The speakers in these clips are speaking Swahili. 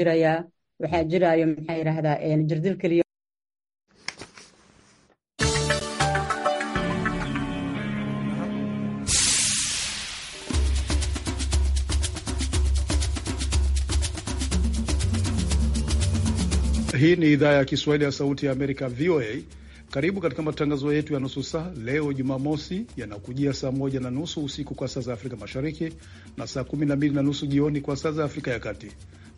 jiraya waxaa jiraayo maxaa yidhaahdaa jirdil keliya Hii ni idhaa ya Kiswahili ya Sauti ya Amerika, VOA. Karibu katika matangazo yetu ya nusu saa leo Jumamosi, yanakujia saa moja na nusu usiku kwa saa za Afrika Mashariki na saa kumi na mbili na nusu jioni kwa saa za Afrika ya Kati.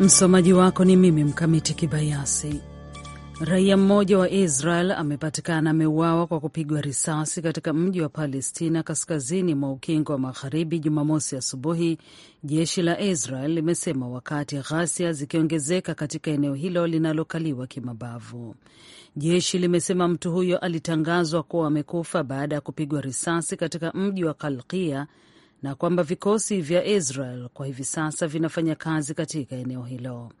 Msomaji wako ni mimi Mkamiti Kibayasi. Raia mmoja wa Israel amepatikana ameuawa kwa kupigwa risasi katika mji wa Palestina kaskazini mwa ukingo wa magharibi Jumamosi asubuhi, jeshi la Israel limesema, wakati ghasia zikiongezeka katika eneo hilo linalokaliwa kimabavu. Jeshi limesema mtu huyo alitangazwa kuwa amekufa baada ya kupigwa risasi katika mji wa Kalkia na kwamba vikosi vya Israel kwa hivi sasa vinafanya kazi katika eneo hilo.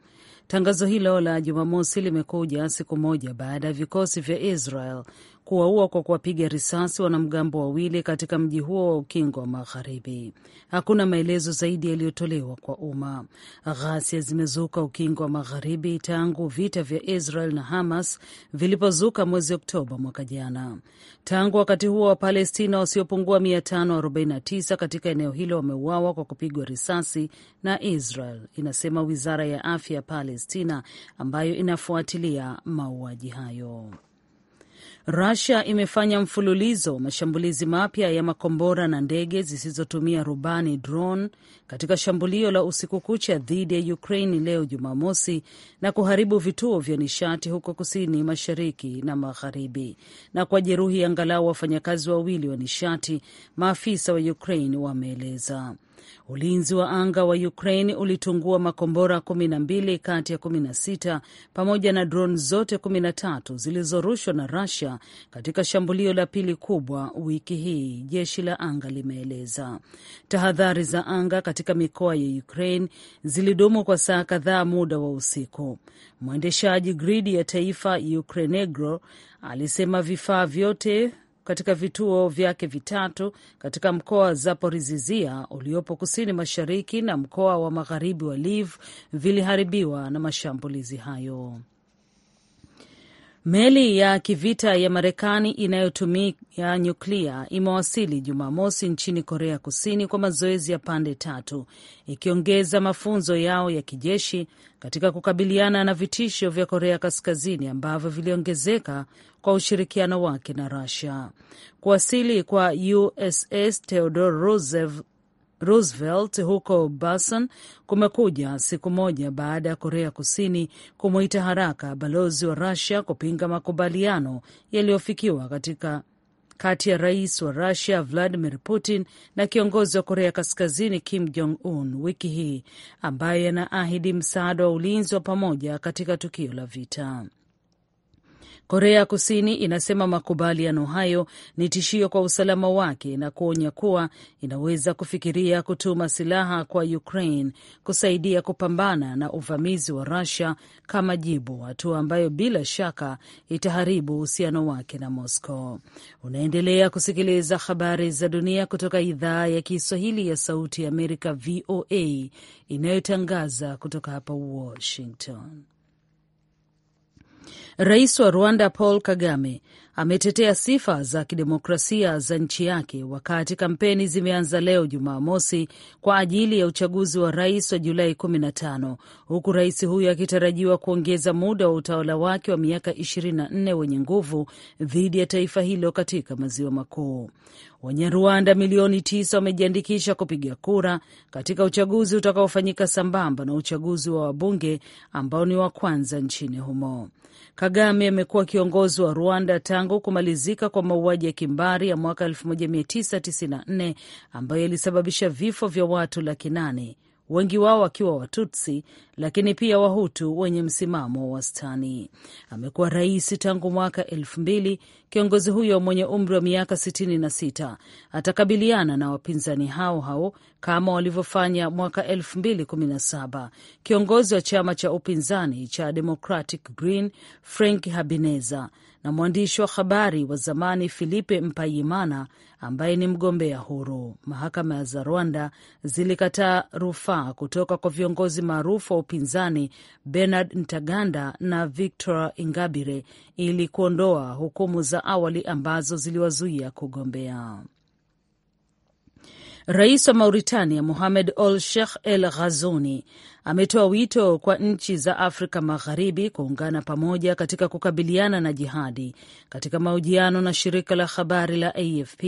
Tangazo hilo la Jumamosi limekuja siku moja baada ya vikosi vya Israel kuwaua kwa kuwapiga risasi wanamgambo wawili katika mji huo wa ukingo wa Magharibi. Hakuna maelezo zaidi yaliyotolewa kwa umma. Ghasia zimezuka ukingo wa Magharibi tangu vita vya Israel na Hamas vilipozuka mwezi Oktoba mwaka jana. Tangu wakati huo, Wapalestina wasiopungua 549 katika eneo hilo wameuawa kwa kupigwa risasi na Israel, inasema wizara ya afya ya Palestina ambayo inafuatilia mauaji hayo. Rusia imefanya mfululizo wa mashambulizi mapya ya makombora na ndege zisizotumia rubani drone katika shambulio la usiku kucha dhidi ya Ukraini leo Jumamosi na kuharibu vituo vya nishati huko kusini mashariki na magharibi na kwa jeruhi angalau wafanyakazi wawili wa nishati, maafisa wa ukrain wameeleza. Ulinzi wa anga wa Ukraine ulitungua makombora 12 kati ya 16 pamoja na drone zote 13 zilizorushwa na Russia katika shambulio la pili kubwa wiki hii, jeshi la anga limeeleza. Tahadhari za anga katika mikoa ya Ukraine zilidumu kwa saa kadhaa muda wa usiku. Mwendeshaji gridi ya taifa Ukrenegro alisema vifaa vyote katika vituo vyake vitatu katika mkoa wa Zaporizizia uliopo kusini mashariki na mkoa wa magharibi wa Liv viliharibiwa na mashambulizi hayo. Meli ya kivita ya Marekani inayotumia nyuklia imewasili Jumamosi nchini Korea Kusini kwa mazoezi ya pande tatu, ikiongeza mafunzo yao ya kijeshi katika kukabiliana na vitisho vya Korea Kaskazini ambavyo viliongezeka kwa ushirikiano wake na Russia. Kuwasili kwa USS Theodore Roosevelt Roosevelt huko Busan kumekuja siku moja baada ya Korea Kusini kumwita haraka balozi wa rasia kupinga makubaliano yaliyofikiwa katika kati ya rais wa russia Vladimir Putin na kiongozi wa Korea Kaskazini Kim Jong Un wiki hii, ambaye anaahidi msaada wa ulinzi wa pamoja katika tukio la vita. Korea Kusini inasema makubaliano hayo ni tishio kwa usalama wake na kuonya kuwa inaweza kufikiria kutuma silaha kwa Ukraine kusaidia kupambana na uvamizi wa Russia kama jibu, hatua ambayo bila shaka itaharibu uhusiano wake na Moscow. Unaendelea kusikiliza habari za dunia kutoka idhaa ya Kiswahili ya Sauti ya Amerika, VOA, inayotangaza kutoka hapa Washington. Rais wa Rwanda Paul Kagame ametetea sifa za kidemokrasia za nchi yake wakati kampeni zimeanza leo Jumamosi kwa ajili ya uchaguzi wa rais wa Julai 15 huku rais huyo akitarajiwa kuongeza muda wa utawala wake wa miaka 24 wenye nguvu dhidi ya taifa hilo katika maziwa makuu. Wanyarwanda milioni tisa wamejiandikisha kupiga kura katika uchaguzi utakaofanyika sambamba na uchaguzi wa wabunge ambao ni wa kwanza nchini humo. Kagame amekuwa kiongozi wa Rwanda tangu kumalizika kwa mauaji ya kimbari ya mwaka 1994 ambayo yalisababisha vifo vya watu laki nane wengi wao wakiwa Watutsi, lakini pia Wahutu wenye msimamo wa wastani. Amekuwa rais tangu mwaka elfu mbili. Kiongozi huyo mwenye umri wa miaka sitini na sita atakabiliana na wapinzani hao hao kama walivyofanya mwaka elfu mbili kumi na saba. Kiongozi wa chama cha upinzani cha Democratic Green Frank Habineza na mwandishi wa habari wa zamani Filipe Mpayimana ambaye ni mgombea huru. Mahakama za Rwanda zilikataa rufaa kutoka kwa viongozi maarufu wa upinzani Bernard Ntaganda na Victor Ingabire ili kuondoa hukumu za awali ambazo ziliwazuia kugombea. Rais wa Mauritania Mohamed Ould Sheikh El Ghazouani ametoa wito kwa nchi za Afrika Magharibi kuungana pamoja katika kukabiliana na jihadi. Katika mahojiano na shirika la habari la AFP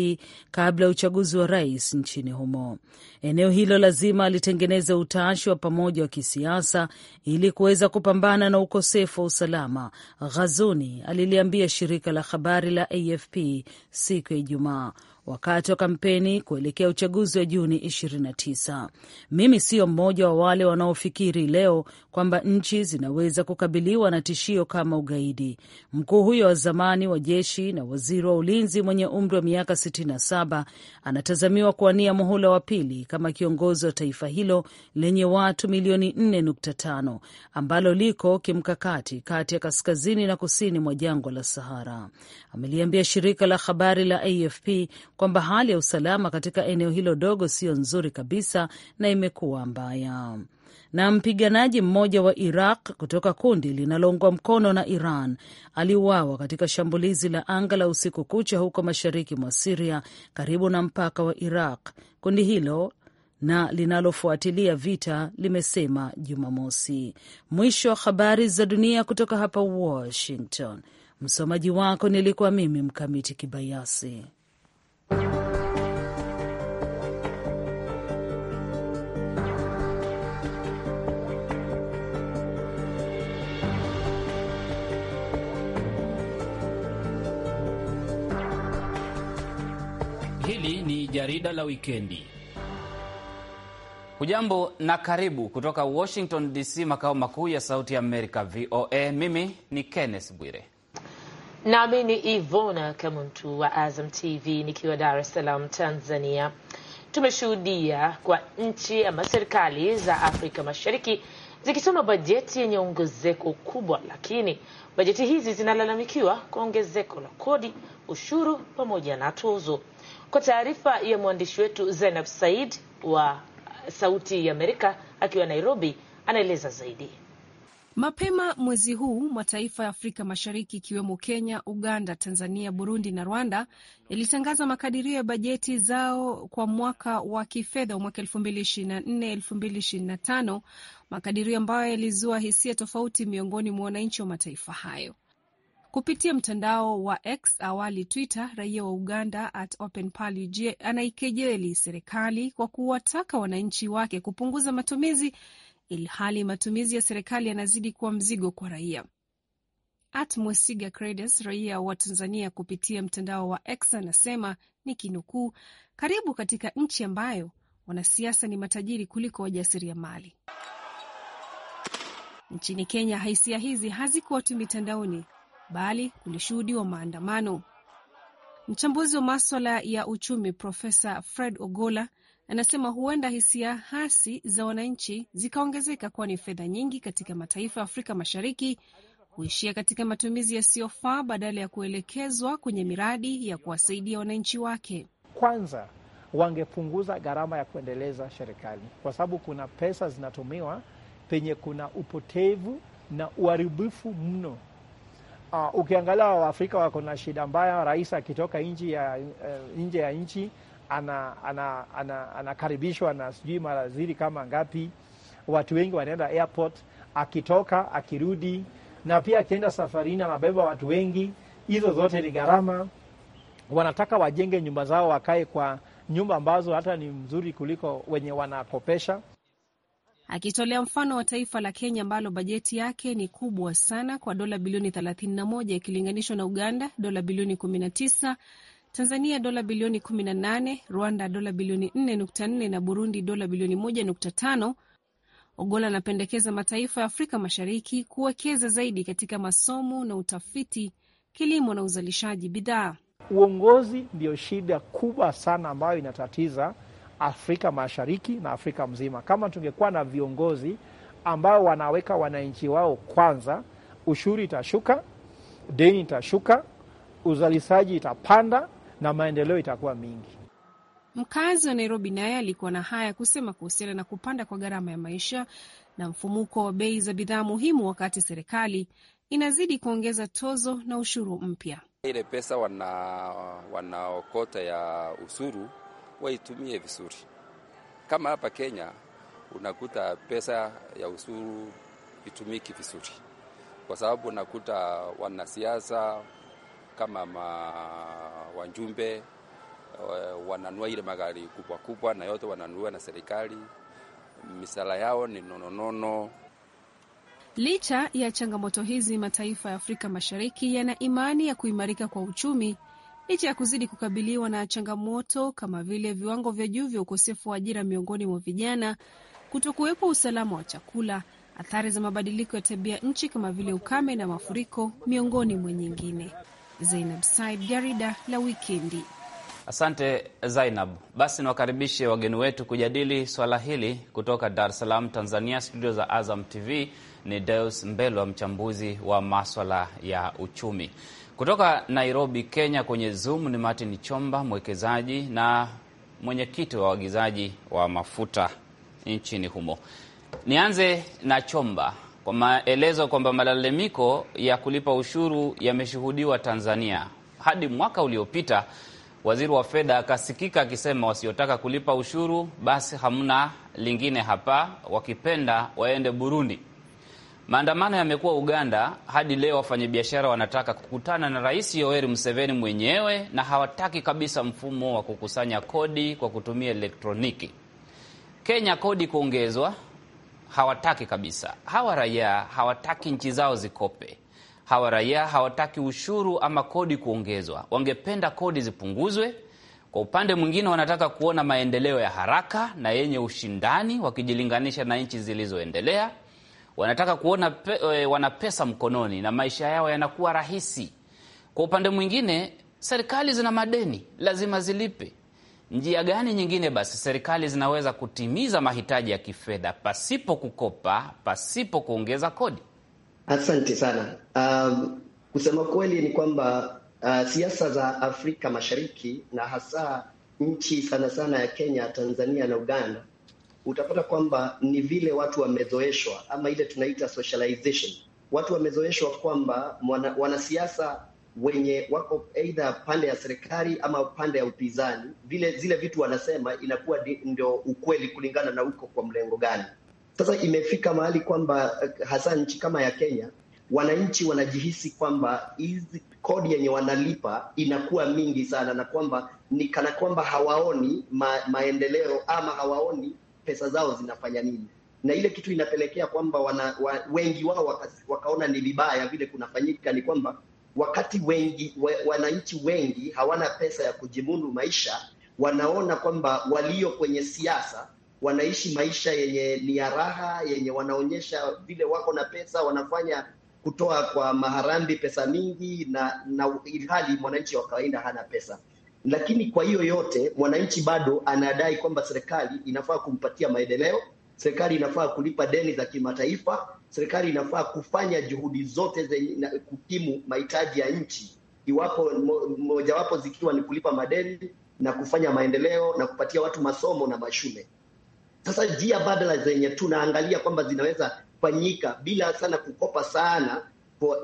kabla ya uchaguzi wa rais nchini humo, eneo hilo lazima litengeneze utashi wa pamoja wa kisiasa ili kuweza kupambana na ukosefu wa usalama, ghazuni aliliambia shirika la habari la AFP siku ya Ijumaa wakati wa kampeni kuelekea uchaguzi wa Juni 29. Mimi sio mmoja wa wale wanaofikiri leo kwamba nchi zinaweza kukabiliwa na tishio kama ugaidi. Mkuu huyo wa zamani wa jeshi na waziri wa ulinzi mwenye umri wa miaka 67 anatazamiwa kuwania muhula wa pili kama kiongozi wa taifa hilo lenye watu milioni 4.5 ambalo liko kimkakati kati ya kaskazini na kusini mwa jangwa la Sahara. Ameliambia shirika la habari la AFP kwamba hali ya usalama katika eneo hilo dogo siyo nzuri kabisa na imekuwa mbaya na mpiganaji mmoja wa Iraq kutoka kundi linaloungwa mkono na Iran aliuawa katika shambulizi la anga la usiku kucha huko mashariki mwa Siria karibu na mpaka wa Iraq. Kundi hilo na linalofuatilia vita limesema Jumamosi. Mwisho wa habari za dunia kutoka hapa Washington. Msomaji wako nilikuwa mimi Mkamiti Kibayasi. Hili ni jarida la wikendi. Hujambo na karibu kutoka Washington DC, makao makuu ya Sauti ya Amerika, VOA. Mimi ni Kenneth Bwire. Nami ni Ivona Kamuntu wa Azam TV nikiwa Dar es Salaam, Tanzania. Tumeshuhudia kwa nchi ama serikali za Afrika Mashariki zikisoma bajeti yenye ongezeko kubwa, lakini bajeti hizi zinalalamikiwa kwa ongezeko la kodi, ushuru pamoja na tozo. Kwa taarifa ya mwandishi wetu Zainab Said wa Sauti ya Amerika akiwa Nairobi, anaeleza zaidi. Mapema mwezi huu mataifa ya Afrika Mashariki ikiwemo Kenya, Uganda, Tanzania, Burundi na Rwanda yalitangaza makadirio ya bajeti zao kwa mwaka wa kifedha wa mwaka 2024/2025, makadirio ambayo yalizua hisia tofauti miongoni mwa wananchi wa mataifa hayo. Kupitia mtandao wa X awali Twitter, raia wa Uganda at Open anaikejeli serikali kwa kuwataka wananchi wake kupunguza matumizi ilhali matumizi ya serikali yanazidi kuwa mzigo kwa raia. Atmwesiga Credes, raia wa Tanzania, kupitia mtandao wa X anasema ni kinukuu, karibu katika nchi ambayo wanasiasa ni matajiri kuliko wajasiriamali. Nchini Kenya, hisia hizi hazikuwa tu mitandaoni, bali kulishuhudiwa maandamano. Mchambuzi wa maswala ya uchumi Profesa Fred Ogola Anasema huenda hisia hasi za wananchi zikaongezeka, kwani fedha nyingi katika mataifa ya Afrika Mashariki huishia katika matumizi yasiyofaa badala ya kuelekezwa kwenye miradi ya kuwasaidia wananchi wake. Kwanza wangepunguza gharama ya kuendeleza serikali, kwa sababu kuna pesa zinatumiwa penye kuna upotevu na uharibifu mno. Uh, ukiangalia Waafrika wako na shida mbaya. Rais akitoka eh, nje ya nchi anakaribishwa ana, ana, ana na sijui mara zili kama ngapi. Watu wengi wanaenda airport, akitoka akirudi, na pia akienda safarini anabeba watu wengi. Hizo zote ni gharama. Wanataka wajenge nyumba zao, wakae kwa nyumba ambazo hata ni mzuri kuliko wenye wanakopesha. Akitolea mfano wa taifa la Kenya ambalo bajeti yake ni kubwa sana kwa dola bilioni 31 ikilinganishwa na Uganda dola bilioni 19 Tanzania dola bilioni 18, Rwanda dola bilioni 4.4 na Burundi dola bilioni 1.5. Ogola anapendekeza mataifa ya Afrika Mashariki kuwekeza zaidi katika masomo na utafiti, kilimo na uzalishaji bidhaa. Uongozi ndio shida kubwa sana ambayo inatatiza Afrika Mashariki na Afrika mzima. Kama tungekuwa na viongozi ambao wanaweka wananchi wao kwanza, ushuru itashuka, deni itashuka, uzalishaji itapanda na maendeleo itakuwa mingi. Mkazi wa Nairobi naye alikuwa na haya ya kusema kuhusiana na kupanda kwa gharama ya maisha na mfumuko wa bei za bidhaa muhimu, wakati serikali inazidi kuongeza tozo na ushuru mpya. Ile pesa wanaokota wana ya ushuru waitumie vizuri. Kama hapa Kenya unakuta pesa ya ushuru itumiki vizuri, kwa sababu unakuta wanasiasa kama ma wajumbe eh, wananua ile magari kubwa kubwa, na yote wananua na serikali, misala yao ni nononono. Licha ya changamoto hizi, mataifa ya Afrika Mashariki yana imani ya kuimarika kwa uchumi licha ya kuzidi kukabiliwa na changamoto kama vile viwango vya juu vya ukosefu wa ajira miongoni mwa vijana, kutokuwepo usalama wa chakula, athari za mabadiliko ya tabia nchi kama vile ukame na mafuriko, miongoni mwa nyingine. Zainab Said, jarida la wikendi. Asante Zainab. Basi niwakaribishe wageni wetu kujadili swala hili kutoka Dar es Salaam, Tanzania. Studio za Azam TV ni Deus Mbelwa, mchambuzi wa maswala ya uchumi. Kutoka Nairobi, Kenya, kwenye Zoom ni Martin Chomba, mwekezaji na mwenyekiti wa waagizaji wa mafuta nchini humo. Nianze na Chomba kwa maelezo kwamba malalamiko ya kulipa ushuru yameshuhudiwa Tanzania hadi mwaka uliopita. Waziri wa fedha akasikika akisema wasiotaka kulipa ushuru basi hamna lingine hapa, wakipenda waende Burundi. Maandamano yamekuwa Uganda hadi leo, wafanyabiashara wanataka kukutana na Rais Yoweri Museveni mwenyewe na hawataki kabisa mfumo wa kukusanya kodi kwa kutumia elektroniki. Kenya kodi kuongezwa hawataki kabisa. Hawa raia hawataki nchi zao zikope. Hawa raia hawataki ushuru ama kodi kuongezwa, wangependa kodi zipunguzwe. Kwa upande mwingine, wanataka kuona maendeleo ya haraka na yenye ushindani wakijilinganisha na nchi zilizoendelea. Wanataka kuona pe, e, wana pesa mkononi na maisha yao yanakuwa rahisi. Kwa upande mwingine, serikali zina madeni, lazima zilipe. Njia gani nyingine basi serikali zinaweza kutimiza mahitaji ya kifedha pasipo kukopa, pasipo kuongeza kodi? Asante sana. Um, kusema kweli ni kwamba uh, siasa za Afrika Mashariki na hasa nchi sana sana ya Kenya, Tanzania na Uganda, utapata kwamba ni vile watu wamezoeshwa ama ile tunaita socialization. Watu wamezoeshwa kwamba wanasiasa wenye wako aidha pande ya serikali ama pande ya upinzani, vile zile vitu wanasema inakuwa ndio ukweli kulingana na uko kwa mlengo gani. Sasa imefika mahali kwamba eh, hasa nchi kama ya Kenya, wananchi wanajihisi kwamba hizi kodi yenye wanalipa inakuwa mingi sana, na kwamba ni kana kwamba hawaoni ma, maendeleo ama hawaoni pesa zao zinafanya nini na ile kitu inapelekea kwamba wana, wa, wengi wao waka, wakaona ni vibaya vile kunafanyika, ni kwamba wakati wengi we, wananchi wengi hawana pesa ya kujimudu maisha, wanaona kwamba walio kwenye siasa wanaishi maisha yenye ni ya raha, yenye wanaonyesha vile wako na pesa, wanafanya kutoa kwa maharambi pesa mingi, na na ilhali mwananchi wa kawaida hana pesa. Lakini kwa hiyo yote, mwananchi bado anadai kwamba serikali inafaa kumpatia maendeleo, serikali inafaa kulipa deni za kimataifa serikali inafaa kufanya juhudi zote zenye kukimu mahitaji ya nchi, iwapo mojawapo zikiwa ni kulipa madeni na kufanya maendeleo na kupatia watu masomo na mashule. Sasa njia badala zenye tunaangalia kwamba zinaweza fanyika bila sana kukopa sana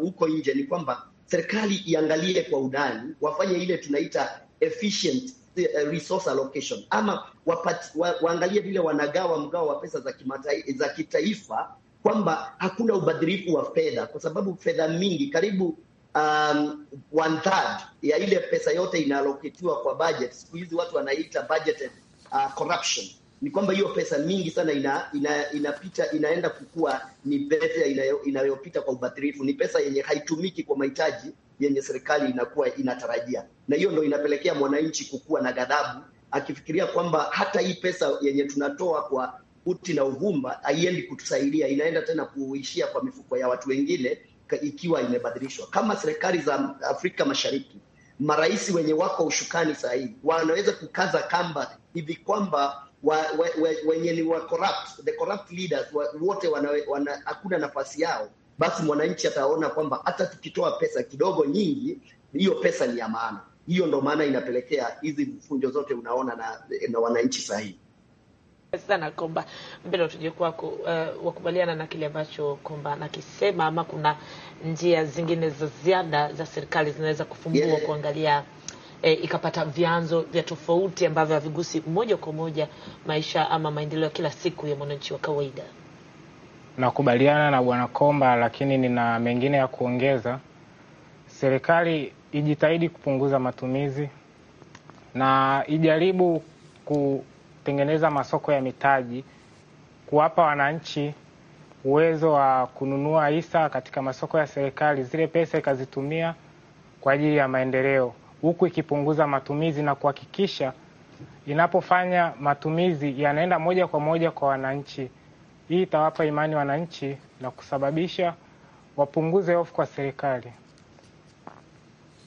huko nje ni kwamba serikali iangalie kwa undani, wafanye ile tunaita efficient eh, resource allocation, ama wapati, wa, waangalie vile wanagawa mgao wa pesa za, kimata, za kitaifa kwamba hakuna ubadhirifu wa fedha, kwa sababu fedha mingi karibu um, one third ya ile pesa yote inaloketiwa kwa budget, siku hizi watu wanaita budget uh, corruption ni kwamba hiyo pesa mingi sana ina, ina, inapita inaenda kukua, ni pesa inayopita kwa ubadhirifu, ni pesa yenye haitumiki kwa mahitaji yenye serikali inakuwa inatarajia, na hiyo ndo inapelekea mwananchi kukua na ghadhabu, akifikiria kwamba hata hii pesa yenye tunatoa kwa uti na uvumba haiendi kutusaidia, inaenda tena kuishia kwa mifuko ya watu wengine ikiwa imebadilishwa. Kama serikali za Afrika Mashariki, marais wenye wako ushukani saa hii wanaweza kukaza kamba hivi kwamba wa, wa, wa, wenye ni wa corrupt, the corrupt leaders wa, wote wana, wana, hakuna nafasi yao, basi mwananchi ataona kwamba hata tukitoa pesa kidogo nyingi, hiyo pesa ni ya maana. Hiyo ndo maana inapelekea hizi mfunjo zote unaona na, na wananchi sahihi sana Komba, mbele tuje kwako. Uh, wakubaliana na kile ambacho Komba nakisema, ama kuna njia zingine za ziada za serikali zinaweza kufumbua yeah, kuangalia E, ikapata vyanzo vya tofauti ambavyo havigusi moja kwa moja maisha ama maendeleo ya kila siku ya mwananchi wa kawaida? Nakubaliana na bwana Komba, lakini nina mengine ya kuongeza. Serikali ijitahidi kupunguza matumizi na ijaribu ku kutengeneza masoko ya mitaji, kuwapa wananchi uwezo wa kununua hisa katika masoko ya serikali, zile pesa ikazitumia kwa ajili ya maendeleo, huku ikipunguza matumizi na kuhakikisha inapofanya matumizi yanaenda moja kwa moja kwa wananchi. Hii itawapa imani wananchi na kusababisha wapunguze hofu kwa serikali.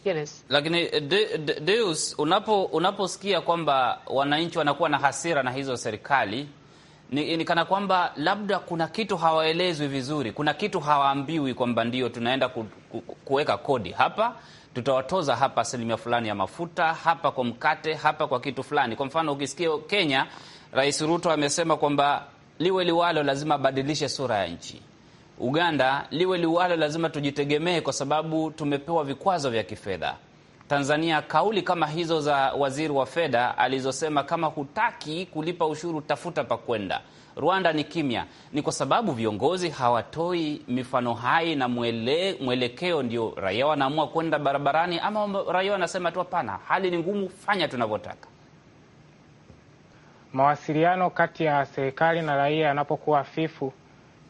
Yes. Lakini eh, de, de, Deus, unapo unaposikia kwamba wananchi wanakuwa na hasira na hizo serikali ni, ni kana kwamba labda kuna kitu hawaelezwi vizuri, kuna kitu hawaambiwi kwamba ndio tunaenda ku, ku, kuweka kodi hapa, tutawatoza hapa asilimia fulani ya mafuta, hapa kwa mkate, hapa kwa kitu fulani. Kwa mfano ukisikia Kenya, Rais Ruto amesema kwamba liwe liwalo, lazima abadilishe sura ya nchi Uganda liwe liwalo, lazima tujitegemee kwa sababu tumepewa vikwazo vya kifedha. Tanzania, kauli kama hizo za waziri wa fedha alizosema, kama hutaki kulipa ushuru tafuta pa kwenda. Rwanda ni kimya, ni kwa sababu viongozi hawatoi mifano hai na mwele, mwelekeo. Ndio raia wanaamua kwenda barabarani, ama raia wanasema tu hapana, hali ni ngumu, fanya tunavyotaka. Mawasiliano kati ya serikali na raia yanapokuwa hafifu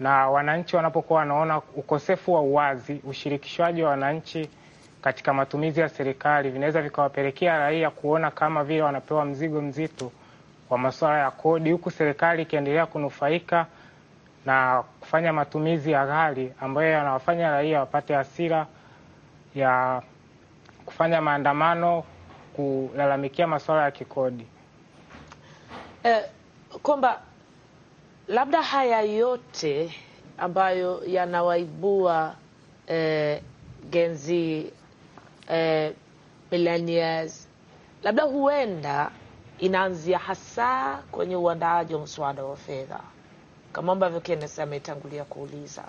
na wananchi wanapokuwa wanaona ukosefu wa uwazi, ushirikishwaji wa wananchi katika matumizi ya serikali vinaweza vikawapelekea raia kuona kama vile wanapewa mzigo mzito wa masuala ya kodi, huku serikali ikiendelea kunufaika na kufanya matumizi ya ghali ambayo yanawafanya raia wapate hasira ya kufanya maandamano kulalamikia masuala ya kikodi. Eh, kwamba Labda haya yote ambayo yanawaibua eh, genzi eh, millennials, labda huenda inaanzia hasa kwenye uandaaji wa mswada wa fedha, kama ambavyo kenes ametangulia kuuliza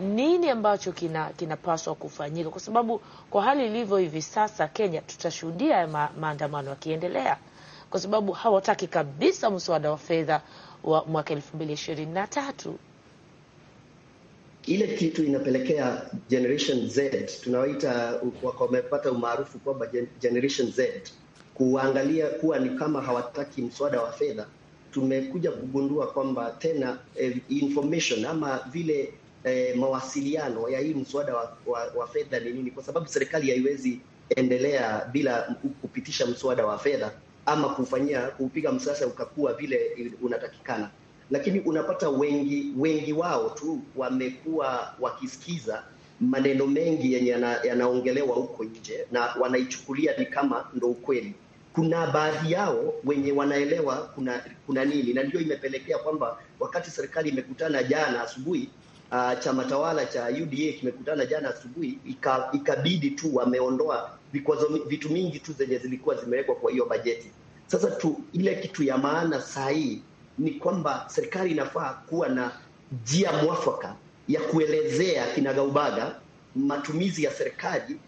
nini ambacho kinapaswa kina kufanyika, kwa sababu kwa hali ilivyo hivi sasa Kenya tutashuhudia ma, maandamano yakiendelea, kwa sababu hawataki kabisa mswada wa fedha wa mwaka elfu mbili ishirini na tatu. Ile kitu inapelekea Generation Z tunawaita, wamepata umaarufu kwamba Generation Z kuangalia kuwa ni kama hawataki mswada wa fedha. Tumekuja kugundua kwamba tena eh, information ama vile eh, mawasiliano ya hii mswada wa, wa, wa fedha ni nini, kwa sababu serikali haiwezi endelea bila kupitisha mswada wa fedha ama kufanyia kuupiga msasa ukakua vile unatakikana, lakini unapata wengi wengi wao tu wamekuwa wakisikiza maneno mengi yenye yanaongelewa huko nje na wanaichukulia ni kama ndo ukweli. Kuna baadhi yao wenye wanaelewa kuna kuna nini, na ndio imepelekea kwamba wakati serikali imekutana jana asubuhi uh, chama tawala cha UDA kimekutana jana asubuhi, ikabidi tu wameondoa vikwazo, vitu mingi tu zenye zilikuwa zimewekwa kwa hiyo bajeti. Sasa tu ile kitu ya maana saa hii ni kwamba serikali inafaa kuwa na njia mwafaka ya kuelezea kinagaubaga matumizi ya serikali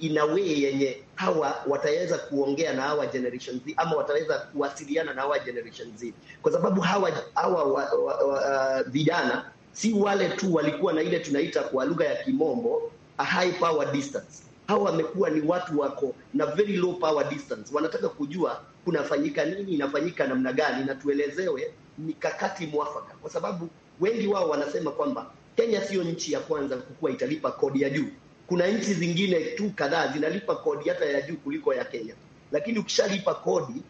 ina way yenye hawa wataweza kuongea na hawa generation Z ama wataweza kuwasiliana na hawa generation Z, kwa sababu hawa hawa vijana si wale tu walikuwa na ile tunaita kwa lugha ya kimombo a high power distance. Hawa wamekuwa ni watu wako na very low power distance, wanataka kujua kunafanyika nini, inafanyika namna gani, na tuelezewe mikakati mwafaka, kwa sababu wengi wao wanasema kwamba Kenya siyo nchi ya kwanza kukuwa italipa kodi ya juu. Kuna nchi zingine tu kadhaa zinalipa kodi hata ya juu kuliko ya Kenya, lakini ukishalipa kodi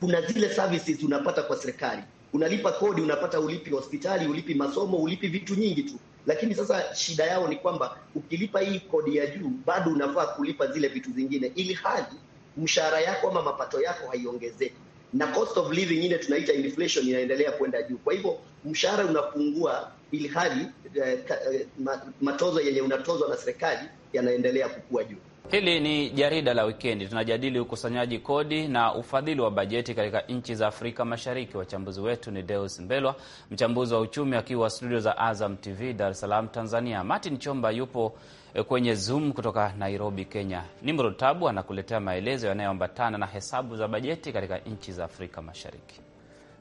kuna zile services unapata kwa serikali unalipa kodi, unapata ulipi hospitali, ulipi masomo, ulipi vitu nyingi tu. Lakini sasa shida yao ni kwamba ukilipa hii kodi ya juu, bado unafaa kulipa zile vitu zingine, ili hali mshahara yako ama mapato yako haiongezeki, na cost of living ile tunaita inflation inaendelea kwenda juu. Kwa hivyo mshahara unapungua, ili hali eh, eh matozo yenye unatozwa na serikali yanaendelea kukua juu. Hili ni jarida la wikendi. Tunajadili ukusanyaji kodi na ufadhili wa bajeti katika nchi za Afrika Mashariki. Wachambuzi wetu ni Deus Mbelwa, mchambuzi wa uchumi, akiwa studio za Azam TV Dar es Salaam, Tanzania. Martin Chomba yupo eh, kwenye Zoom kutoka Nairobi, Kenya. Nimrod Tabu anakuletea maelezo yanayoambatana na hesabu za bajeti katika nchi za Afrika Mashariki.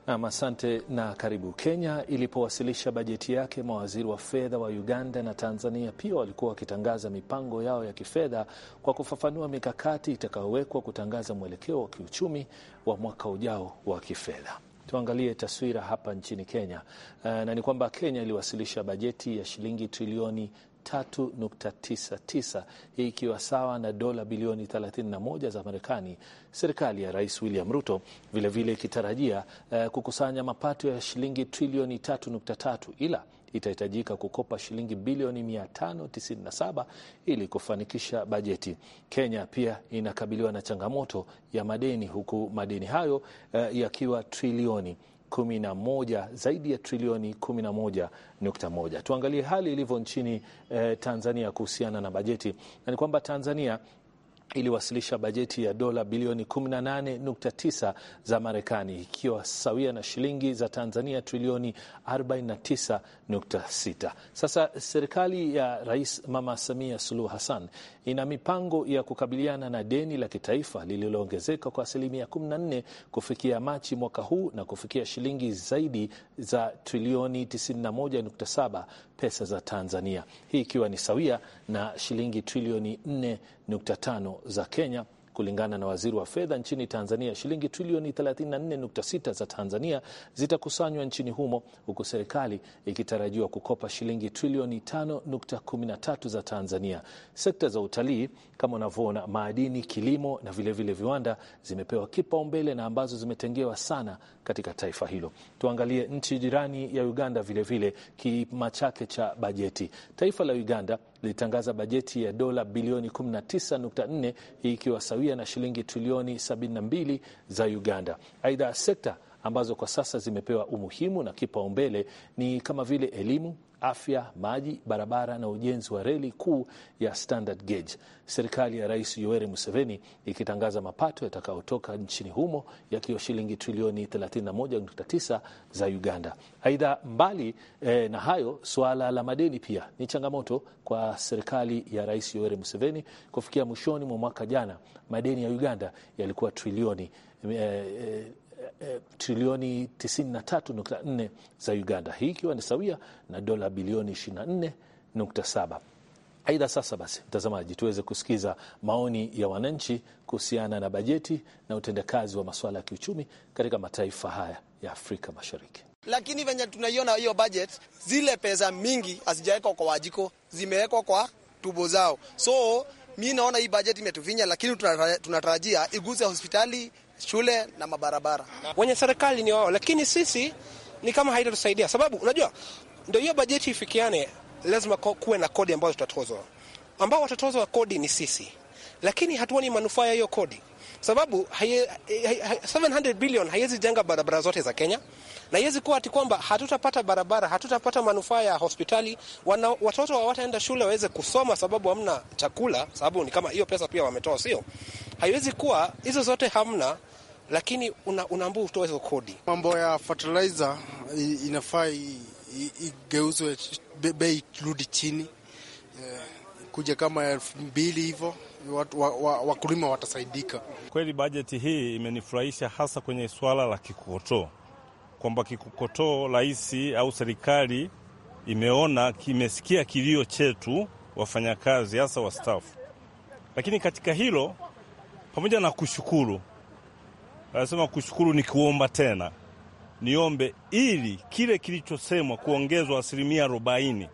Nam, asante na karibu. Kenya ilipowasilisha bajeti yake, mawaziri wa fedha wa Uganda na Tanzania pia walikuwa wakitangaza mipango yao ya kifedha kwa kufafanua mikakati itakayowekwa kutangaza mwelekeo wa kiuchumi wa mwaka ujao wa kifedha. Tuangalie taswira hapa nchini Kenya. Uh, na ni kwamba Kenya iliwasilisha bajeti ya shilingi trilioni 3.99, hii ikiwa sawa na dola bilioni 31 za Marekani, serikali ya Rais William Ruto vilevile ikitarajia vile uh, kukusanya mapato ya shilingi trilioni 3.3 ila itahitajika kukopa shilingi bilioni 597 ili kufanikisha bajeti. Kenya pia inakabiliwa na changamoto ya madeni huku madeni hayo uh, yakiwa trilioni 11 zaidi ya trilioni 11.1. Tuangalie hali ilivyo nchini eh, Tanzania kuhusiana na bajeti, na ni kwamba Tanzania iliwasilisha bajeti ya dola bilioni 18.9 za Marekani ikiwa sawia na shilingi za Tanzania trilioni 49.6. Sasa serikali ya Rais Mama Samia Suluhu Hassan ina mipango ya kukabiliana na deni la kitaifa lililoongezeka kwa asilimia 14 kufikia Machi mwaka huu na kufikia shilingi zaidi za trilioni 91.7 pesa za Tanzania, hii ikiwa ni sawia na shilingi trilioni 4.5 za Kenya Kulingana na waziri wa fedha nchini Tanzania, shilingi trilioni 34.6 za Tanzania zitakusanywa nchini humo, huku serikali ikitarajiwa kukopa shilingi trilioni 5.13 za Tanzania. Sekta za utalii kama unavyoona, madini, kilimo na vilevile vile viwanda zimepewa kipaumbele na ambazo zimetengewa sana katika taifa hilo. Tuangalie nchi jirani ya Uganda vilevile kima chake cha bajeti. Taifa la Uganda lilitangaza bajeti ya dola bilioni 19.4, hii ikiwa sawia na shilingi trilioni 72 za Uganda. Aidha, sekta ambazo kwa sasa zimepewa umuhimu na kipaumbele ni kama vile elimu, afya, maji, barabara na ujenzi wa reli kuu ya standard gauge. Serikali ya Rais Yoweri Museveni ikitangaza mapato yatakayotoka nchini humo yakiwa shilingi trilioni 31.9 za Uganda. Aidha, mbali eh, na hayo, suala la madeni pia ni changamoto kwa serikali ya Rais Yoweri Museveni. Kufikia mwishoni mwa mwaka jana, madeni ya Uganda yalikuwa trilioni eh, eh, Eh, trilioni 93.4 za Uganda, hii ikiwa ni sawia na dola bilioni 24.7. Aidha, sasa basi, mtazamaji, tuweze kusikiza maoni ya wananchi kuhusiana na bajeti na utendakazi wa masuala ya kiuchumi katika mataifa haya ya Afrika Mashariki. Lakini venye tunaiona hiyo budget, zile pesa mingi hazijawekwa kwa wajiko, zimewekwa kwa tubo zao. So mi naona hii budget imetufinya, lakini tunatarajia iguze hospitali, shule na mabarabara. Wenye serikali ni wao, lakini sisi ni kama haitatusaidia, sababu unajua ndio hiyo bajeti ifikiane, lazima kuwe na kodi ambazo tutatozwa, ambao watatozwa kodi ni sisi, lakini hatuoni manufaa ya hiyo kodi sababu haye, eh, haye, 700 billion haiwezi jenga barabara zote za Kenya na iwezi kuwa ati kwamba hatutapata barabara, hatutapata manufaa ya hospitali, wana, watoto hawataenda shule waweze kusoma sababu hamna chakula, sababu ni kama hiyo pesa pia wametoa, sio? Haiwezi kuwa hizo zote hamna, lakini unaambua una utoe kodi. Mambo ya fertilizer inafaa igeuzwe, bei rudi chini, eh, kuja kama elfu mbili hivyo wakulima wa, wa, wakulima watasaidika kweli. Bajeti hii imenifurahisha hasa kwenye swala la kikokotoo, kwamba kikokotoo rais au serikali imeona kimesikia kilio chetu wafanyakazi hasa wastaafu. Lakini katika hilo pamoja na kushukuru, anasema kushukuru ni kuomba tena, niombe ili kile kilichosemwa kuongezwa asilimia arobaini.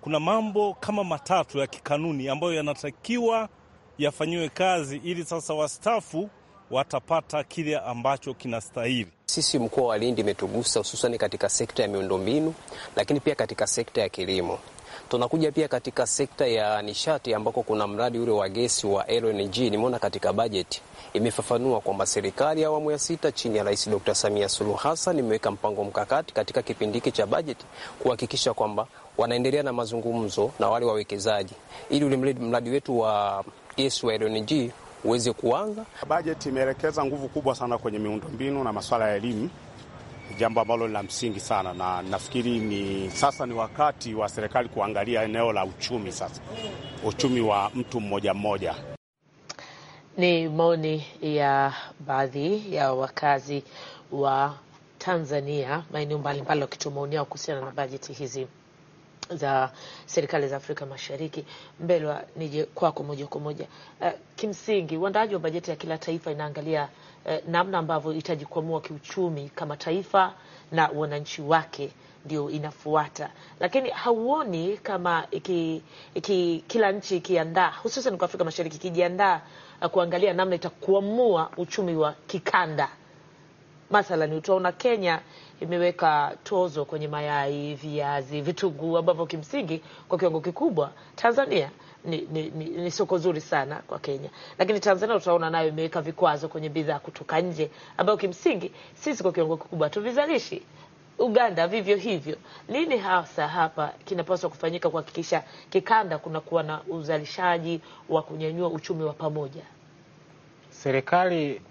Kuna mambo kama matatu ya kikanuni ambayo yanatakiwa yafanyiwe kazi ili sasa wastaafu watapata kile ambacho kinastahili. Sisi mkoa wa Lindi imetugusa hususani katika sekta ya miundombinu, lakini pia katika sekta ya kilimo. Tunakuja pia katika sekta ya nishati ambako kuna mradi ule wa gesi wa LNG. Nimeona katika bajeti imefafanua kwamba serikali ya awamu ya sita chini ya Rais Dr. Samia Suluhu Hassan imeweka mpango mkakati katika kipindi hiki cha bajeti kuhakikisha kwamba wanaendelea na mazungumzo na wale wawekezaji ili ule mradi wetu wa Yesu LNG uweze kuanza. Bajeti imeelekeza nguvu kubwa sana kwenye miundombinu na masuala ya elimu, jambo ambalo ni la msingi sana, na nafikiri ni sasa ni wakati wa serikali kuangalia eneo la uchumi, sasa uchumi wa mtu mmoja mmoja. Ni maoni ya baadhi ya wakazi wa Tanzania maeneo mbalimbali wakitoa maoni yao kuhusiana na bajeti hizi za serikali za Afrika Mashariki. Mbelwa, nije kwako moja kwa moja. Uh, kimsingi uandaaji wa bajeti ya kila taifa inaangalia uh, namna ambavyo itajikwamua kiuchumi kama taifa na wananchi wake ndio inafuata, lakini hauoni kama iki, iki, kila nchi ikiandaa hususan kwa Afrika Mashariki ikijiandaa uh, kuangalia namna itakuamua uchumi wa kikanda. Mathalani utaona Kenya imeweka tozo kwenye mayai, viazi, vitunguu ambavyo kimsingi kwa kiwango kikubwa Tanzania ni, ni, ni, ni soko zuri sana kwa Kenya, lakini Tanzania utaona nayo imeweka vikwazo kwenye bidhaa kutoka nje ambayo kimsingi sisi kwa kiwango kikubwa tuvizalishi. Uganda vivyo hivyo. Nini hasa hapa kinapaswa kufanyika kuhakikisha kikanda kunakuwa na uzalishaji wa kunyanyua uchumi wa pamoja? Serikali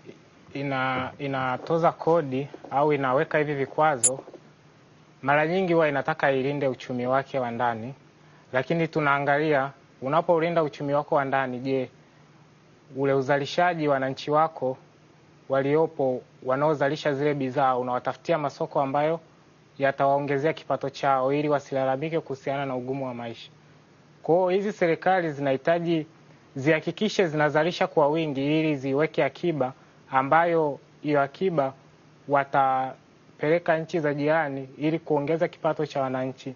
ina inatoza kodi au inaweka hivi vikwazo, mara nyingi huwa inataka ilinde uchumi wake wa ndani, lakini tunaangalia unapolinda uchumi wako wa ndani, je, ule uzalishaji wananchi wako waliopo wanaozalisha zile bidhaa unawatafutia masoko ambayo yatawaongezea kipato chao ili wasilalamike kuhusiana na ugumu wa maisha. Kwa hiyo hizi serikali zinahitaji zihakikishe zinazalisha kwa wingi ili ziweke akiba ambayo hiyo akiba watapeleka nchi za jirani ili kuongeza kipato cha wananchi.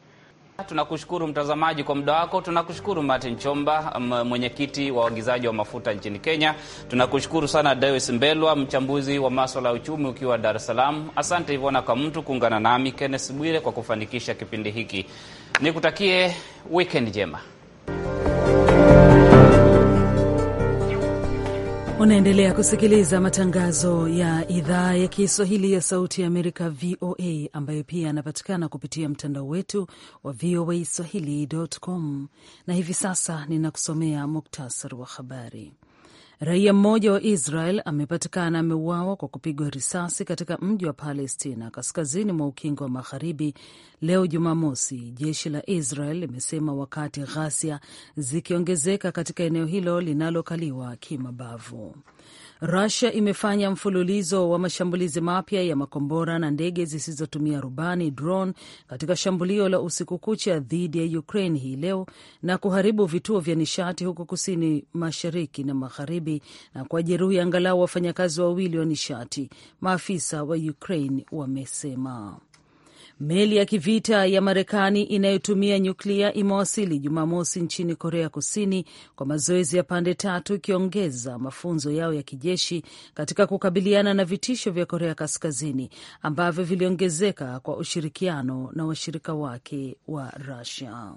Tunakushukuru mtazamaji kwa muda wako. Tunakushukuru Martin Chomba, mwenyekiti wa waagizaji wa mafuta nchini Kenya. Tunakushukuru sana Dawis Mbelwa, mchambuzi wa maswala ya uchumi, ukiwa Dar es Salaam. Asante Ivona kwa mtu kuungana nami Kenneth Bwire kwa kufanikisha kipindi hiki. Nikutakie weekend njema. Unaendelea kusikiliza matangazo ya idhaa ya Kiswahili ya Sauti ya Amerika, VOA, ambayo pia yanapatikana kupitia mtandao wetu wa VOA swahili.com. Na hivi sasa ninakusomea muktasari wa habari. Raia mmoja wa Israel amepatikana ameuawa kwa kupigwa risasi katika mji wa Palestina kaskazini mwa ukingo wa magharibi leo Jumamosi, jeshi la Israel limesema, wakati ghasia zikiongezeka katika eneo hilo linalokaliwa kimabavu. Rusia imefanya mfululizo wa mashambulizi mapya ya makombora na ndege zisizotumia rubani drone katika shambulio la usiku kucha dhidi ya Ukraine hii leo na kuharibu vituo vya nishati huko kusini mashariki na magharibi na kwa jeruhi angalau wafanyakazi wawili wa nishati, maafisa wa Ukraine wamesema. Meli ya kivita ya Marekani inayotumia nyuklia imewasili Jumamosi nchini Korea Kusini kwa mazoezi ya pande tatu, ikiongeza mafunzo yao ya kijeshi katika kukabiliana na vitisho vya Korea Kaskazini ambavyo viliongezeka kwa ushirikiano na washirika wake wa Rusia.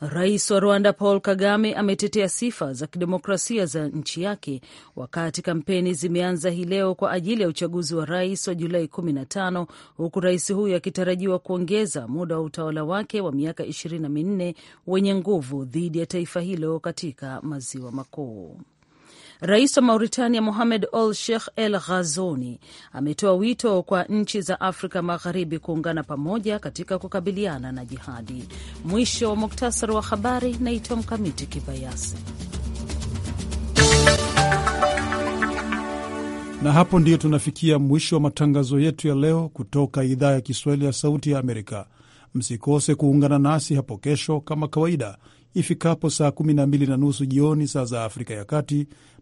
Rais wa Rwanda Paul Kagame ametetea sifa za kidemokrasia za nchi yake wakati kampeni zimeanza hii leo kwa ajili ya uchaguzi wa rais wa Julai 15 huku rais huyo akitarajiwa kuongeza muda wa utawala wake wa miaka minne wenye nguvu dhidi ya taifa hilo katika maziwa makuu. Rais wa Mauritania Mohamed Ould Sheikh El Ghazoni ametoa wito kwa nchi za Afrika Magharibi kuungana pamoja katika kukabiliana na jihadi. Mwisho wa muktasari wa habari. Naitwa Mkamiti Kibayasi. Na hapo ndiyo tunafikia mwisho wa matangazo yetu ya leo kutoka idhaa ya Kiswahili ya Sauti ya Amerika. Msikose kuungana nasi hapo kesho kama kawaida ifikapo saa 12 na nusu jioni saa za Afrika ya Kati